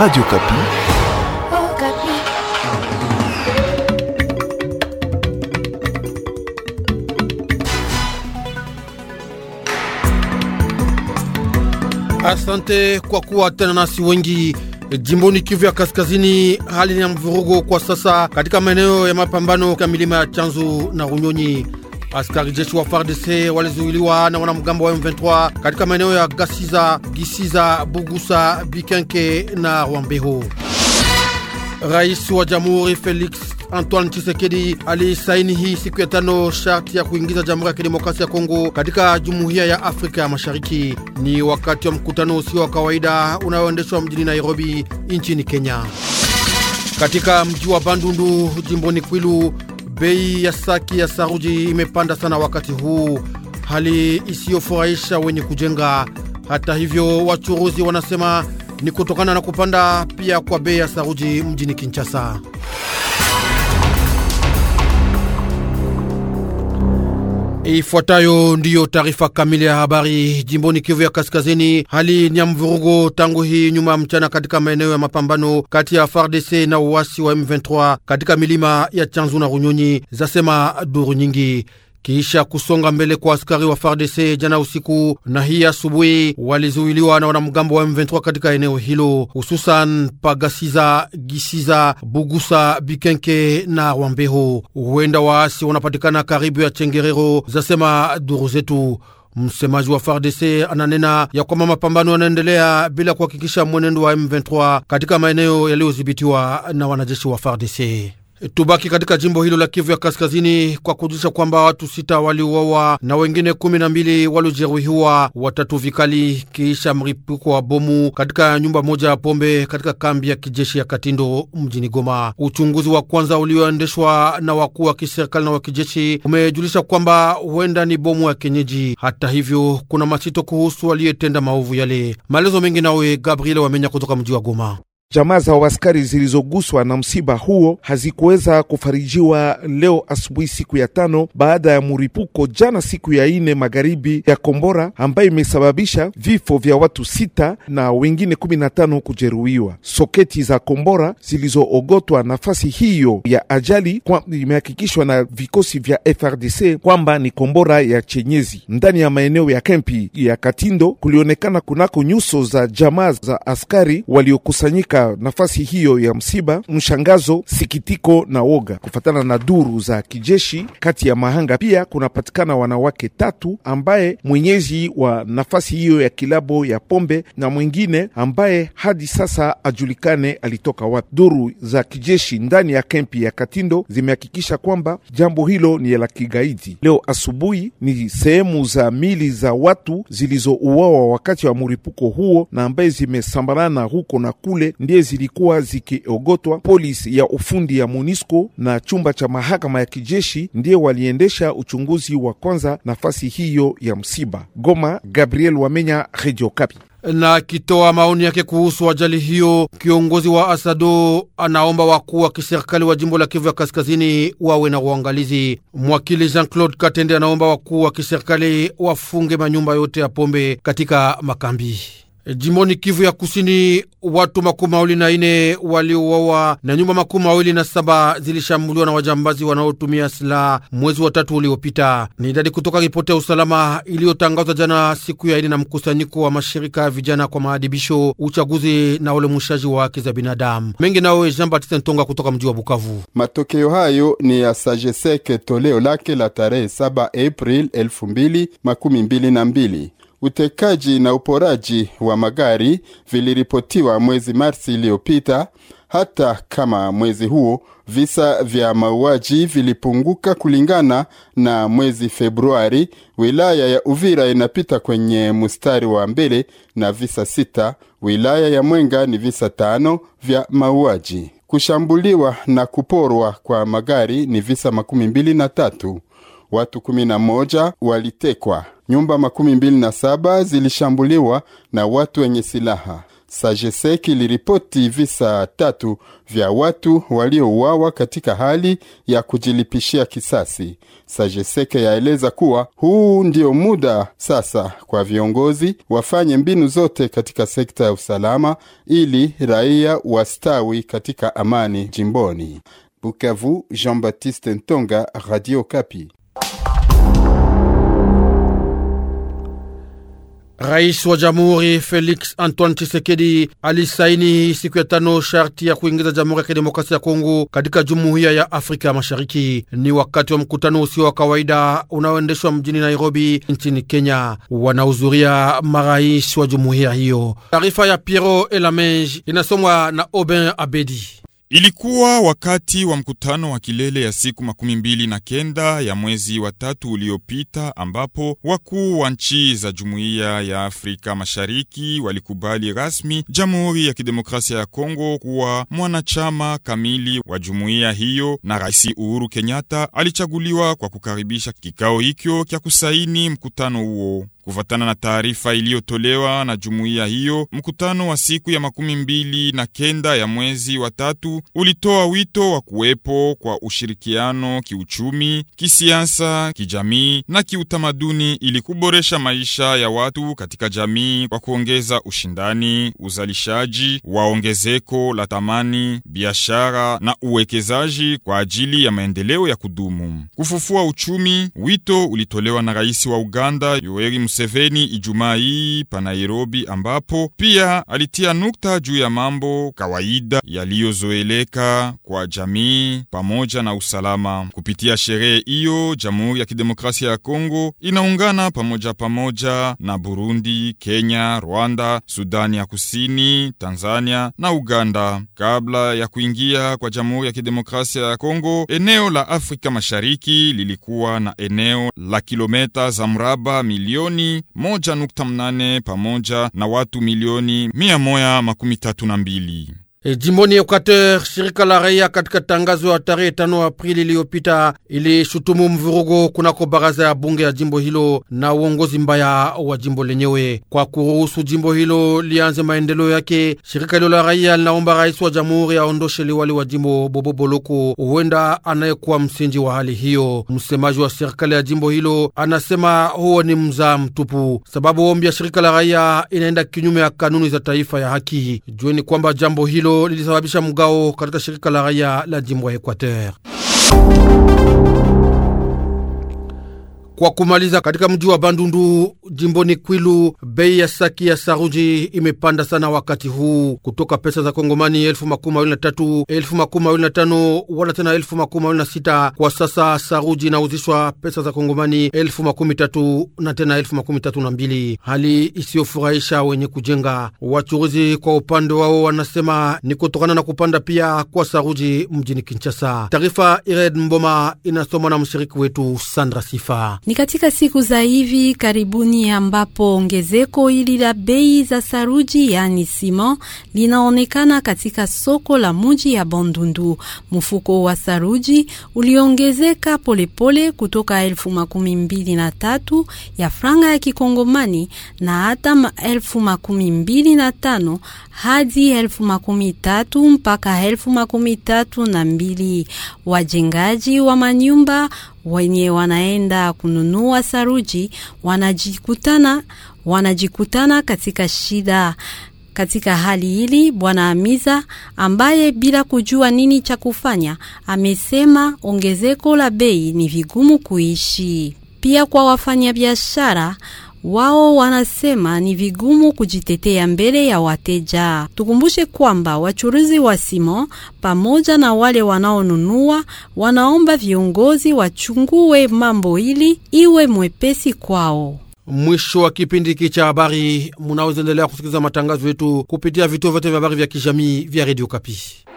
Radio Kapi. Oh, Kapi. Asante kwa kuwa tena nasi wengi. Jimboni Kivu ya Kaskazini, hali ni ya mvurugo kwa sasa katika maeneo ya mapambano ya milima ya Chanzu na Runyonyi. Askari jeshi wa FARDC walizuiliwa na wanamgambo wa M23 katika maeneo ya Gasiza, Gisiza, Bugusa, Bikenke na Rwambeho. Rais wa Jamhuri Felix Antoine Tshisekedi alisaini hii siku ya tano sharti ya kuingiza Jamhuri ya Kidemokrasia ya Kongo katika Jumuiya ya Afrika ya Mashariki. Ni wakati wa mkutano usio wa kawaida unaoendeshwa mjini Nairobi nchini Kenya. Katika mji wa Bandundu jimboni Kwilu Bei ya saki ya saruji imepanda sana wakati huu, hali isiyofurahisha wenye kujenga. Hata hivyo, wachuruzi wanasema ni kutokana na kupanda pia kwa bei ya saruji mjini Kinshasa. Ifuatayo ndiyo taarifa kamili ya habari. Jimboni Kivu ya Kaskazini, hali ni ya mvurugo tangu hii nyuma mchana katika maeneo ya mapambano kati ya FARDC na uasi wa M23 katika milima ya Chanzu na Runyonyi, zasema duru nyingi kisha kusonga mbele kwa askari wa FARDC jana usiku na hii asubuhi, walizuiliwa na wanamgambo wa M23 katika eneo hilo, hususan Pagasiza, Gisiza, Bugusa, Bikenke na Wambeho. Huenda waasi wanapatikana karibu ya Chengerero, zasema duru zetu. Msemaji wa FARDC ananena ya kwamba mapambano yanaendelea bila kuhakikisha mwenendo wa M23 katika maeneo yaliyodhibitiwa na wanajeshi wa FARDC. Tubaki katika jimbo hilo la Kivu ya Kaskazini kwa kujulisha kwamba watu sita waliuawa na wengine kumi na mbili waliojeruhiwa, watatu vikali, kiisha mripuko wa bomu katika nyumba moja ya pombe katika kambi ya kijeshi ya Katindo mjini Goma. Uchunguzi wa kwanza ulioendeshwa na wakuu wa kiserikali na wa kijeshi umejulisha kwamba huenda ni bomu ya kienyeji. Hata hivyo, kuna masito kuhusu aliyetenda maovu yale. Maelezo mengi nawe Gabriel Wamenya kutoka mji wa Goma. Jamaa za waaskari zilizoguswa na msiba huo hazikuweza kufarijiwa leo asubuhi, siku ya tano, baada ya muripuko jana, siku ya ine magharibi ya kombora ambayo imesababisha vifo vya watu sita na wengine kumi na tano kujeruhiwa. Soketi za kombora zilizoogotwa nafasi hiyo ya ajali imehakikishwa na vikosi vya FRDC kwamba ni kombora ya chenyezi. Ndani ya maeneo ya kempi ya Katindo kulionekana kunako nyuso za jamaa za askari waliokusanyika katika nafasi hiyo ya msiba, mshangazo, sikitiko na woga. Kufatana na duru za kijeshi kati ya mahanga, pia kunapatikana wanawake tatu ambaye mwenyeji wa nafasi hiyo ya kilabo ya pombe na mwingine ambaye hadi sasa ajulikane alitoka wapi. Duru za kijeshi ndani ya kempi ya Katindo zimehakikisha kwamba jambo hilo ni la kigaidi. Leo asubuhi ni sehemu za mili za watu zilizouawa wakati wa mripuko huo na ambaye zimesambarana huko na kule ndiye zilikuwa zikiogotwa. Polisi ya ufundi ya MONUSCO na chumba cha mahakama ya kijeshi ndiye waliendesha uchunguzi wa kwanza nafasi hiyo ya msiba. Goma, Gabriel Wamenya, Radio Kapi. Na akitoa maoni yake kuhusu ajali hiyo, kiongozi wa Asado anaomba wakuu wa kiserikali wa jimbo la Kivu ya kaskazini wawe na uangalizi. Mwakili Jean Claude Katende anaomba wakuu wa kiserikali wafunge manyumba yote ya pombe katika makambi. E, Jimoni Kivu ya Kusini, watu makumi mawili na ine waliouawa na nyumba makumi mawili na saba zilishambuliwa na wajambazi wanaotumia silaha mwezi wa tatu uliopita. Ni idadi kutoka ripoti ya usalama iliyotangazwa jana siku ya ine na mkusanyiko wa mashirika ya vijana kwa maadibisho, uchaguzi na ulemushaji wa haki za binadamu mengi. nayo Jean Baptiste Ntonga kutoka mji wa Bukavu. Matokeo hayo ni ya Sajesek toleo lake la tarehe 7 April 2022 utekaji na uporaji wa magari viliripotiwa mwezi Marsi iliyopita, hata kama mwezi huo visa vya mauaji vilipunguka kulingana na mwezi Februari. Wilaya ya Uvira inapita kwenye mstari wa mbele na visa sita. Wilaya ya Mwenga ni visa tano vya mauaji. Kushambuliwa na kuporwa kwa magari ni visa makumi mbili na tatu watu 11 walitekwa, nyumba makumi mbili na saba zilishambuliwa na watu wenye silaha. Sajesek iliripoti visa tatu vya watu waliouawa katika hali ya kujilipishia kisasi. Sajeseke yaeleza kuwa huu ndio muda sasa kwa viongozi wafanye mbinu zote katika sekta ya usalama ili raia wastawi katika amani jimboni. Bukavu, Jean-Baptiste Ntonga, Radio Kapi. Rais wa Jamhuri Felix Antoine chisekedi alisaini siku ya tano sharti ya kuingiza Jamhuri ya Kidemokrasia ya Kongo katika Jumuiya ya Afrika Mashariki. Ni wakati wa mkutano usio wa kawaida unaoendeshwa mjini Nairobi nchini Kenya, wanahudhuria marais wa jumuiya hiyo. Taarifa ya Piero Elamege inasomwa na Oben Abedi. Ilikuwa wakati wa mkutano wa kilele ya siku makumi mbili na kenda ya mwezi wa tatu uliopita, ambapo wakuu wa nchi za Jumuiya ya Afrika Mashariki walikubali rasmi Jamhuri ya Kidemokrasia ya Kongo kuwa mwanachama kamili wa jumuiya hiyo, na Rais Uhuru Kenyatta alichaguliwa kwa kukaribisha kikao hicho kya kusaini mkutano huo. Kufuatana na taarifa iliyotolewa na jumuiya hiyo, mkutano wa siku ya makumi mbili na kenda ya mwezi wa tatu ulitoa wito wa kuwepo kwa ushirikiano kiuchumi, kisiasa, kijamii na kiutamaduni ili kuboresha maisha ya watu katika jamii kwa kuongeza ushindani, uzalishaji wa ongezeko la thamani, biashara na uwekezaji kwa ajili ya maendeleo ya kudumu. Kufufua uchumi, wito ulitolewa na rais wa Uganda Yoweri Museveni Ijumaa hii pa Nairobi, ambapo pia alitia nukta juu ya mambo kawaida yaliyozoeleka kwa jamii pamoja na usalama. Kupitia sherehe hiyo, Jamhuri ya Kidemokrasia ya Kongo inaungana pamoja pamoja na Burundi, Kenya, Rwanda, Sudani ya Kusini, Tanzania na Uganda. Kabla ya kuingia kwa Jamhuri ya Kidemokrasia ya Kongo, eneo la Afrika Mashariki lilikuwa na eneo la kilometa za mraba milioni moja nukta mnane pamoja na watu milioni mia moya makumi tatu na mbili. E, jimboni Equateur, shirika la raia katika tangazo ya tarehe tano Aprili iliyopita ilishutumu mvurugo kunako baraza ya bunge ya jimbo hilo na uongozi mbaya wa jimbo lenyewe kwa kuruhusu jimbo hilo lianze maendeleo yake. Shirika hilo la raia linaomba rais wa jamhuri aondoshe liwali wa jimbo Bobo Boloko, huenda anayekuwa msingi wa hali hiyo. Msemaji wa serikali ya jimbo hilo anasema huo ni mzaa mtupu, sababu ombi ya shirika la raia inaenda kinyume ya kanuni za taifa ya haki. Jueni kwamba jambo hilo hilo lilisababisha mgao katika shirika la raia la jimbo ya Equateur. Kwa kumaliza, katika mji wa Bandundu jimboni Kwilu, bei ya saki ya saruji imepanda sana wakati huu kutoka pesa za Kongomani elfu makumi mawili na tatu elfu makumi mawili na tano wala tena elfu makumi mawili na sita Kwa sasa saruji inauzishwa pesa za Kongomani elfu makumi tatu na tena elfu makumi tatu na mbili hali isiyofurahisha wenye kujenga. Wachuruzi kwa upande wao wanasema ni kutokana na kupanda pia kwa saruji mjini Kinshasa. Taarifa Ired Mboma inasomwa na mshiriki wetu Sandra Sifa. Ni katika siku za hivi karibuni ambapo ongezeko hili la bei za saruji yaani simo linaonekana katika soko la muji ya Bandundu. Mfuko wa saruji uliongezeka polepole kutoka elfu makumi mbili na tatu ya franga ya kikongomani na hata elfu makumi mbili na tano hadi elfu makumi tatu mpaka elfu makumi tatu na mbili. Wajengaji wa manyumba wenye wanaenda kununua saruji wanajikutana, wanajikutana katika shida. Katika hali hili, Bwana Amiza ambaye bila kujua nini cha kufanya amesema ongezeko la bei ni vigumu kuishi. Pia kwa wafanyabiashara wao wanasema ni vigumu kujitetea mbele ya wateja. Tukumbushe kwamba wachuruzi wa simo pamoja na wale wanaonunua wanaomba viongozi wachungue mambo ili iwe mwepesi kwao. Mwisho wa kipindi hiki cha habari, munaweza endelea kusikiliza matangazo yetu kupitia vituo vyote vya habari vya kijamii vya redio Kapi.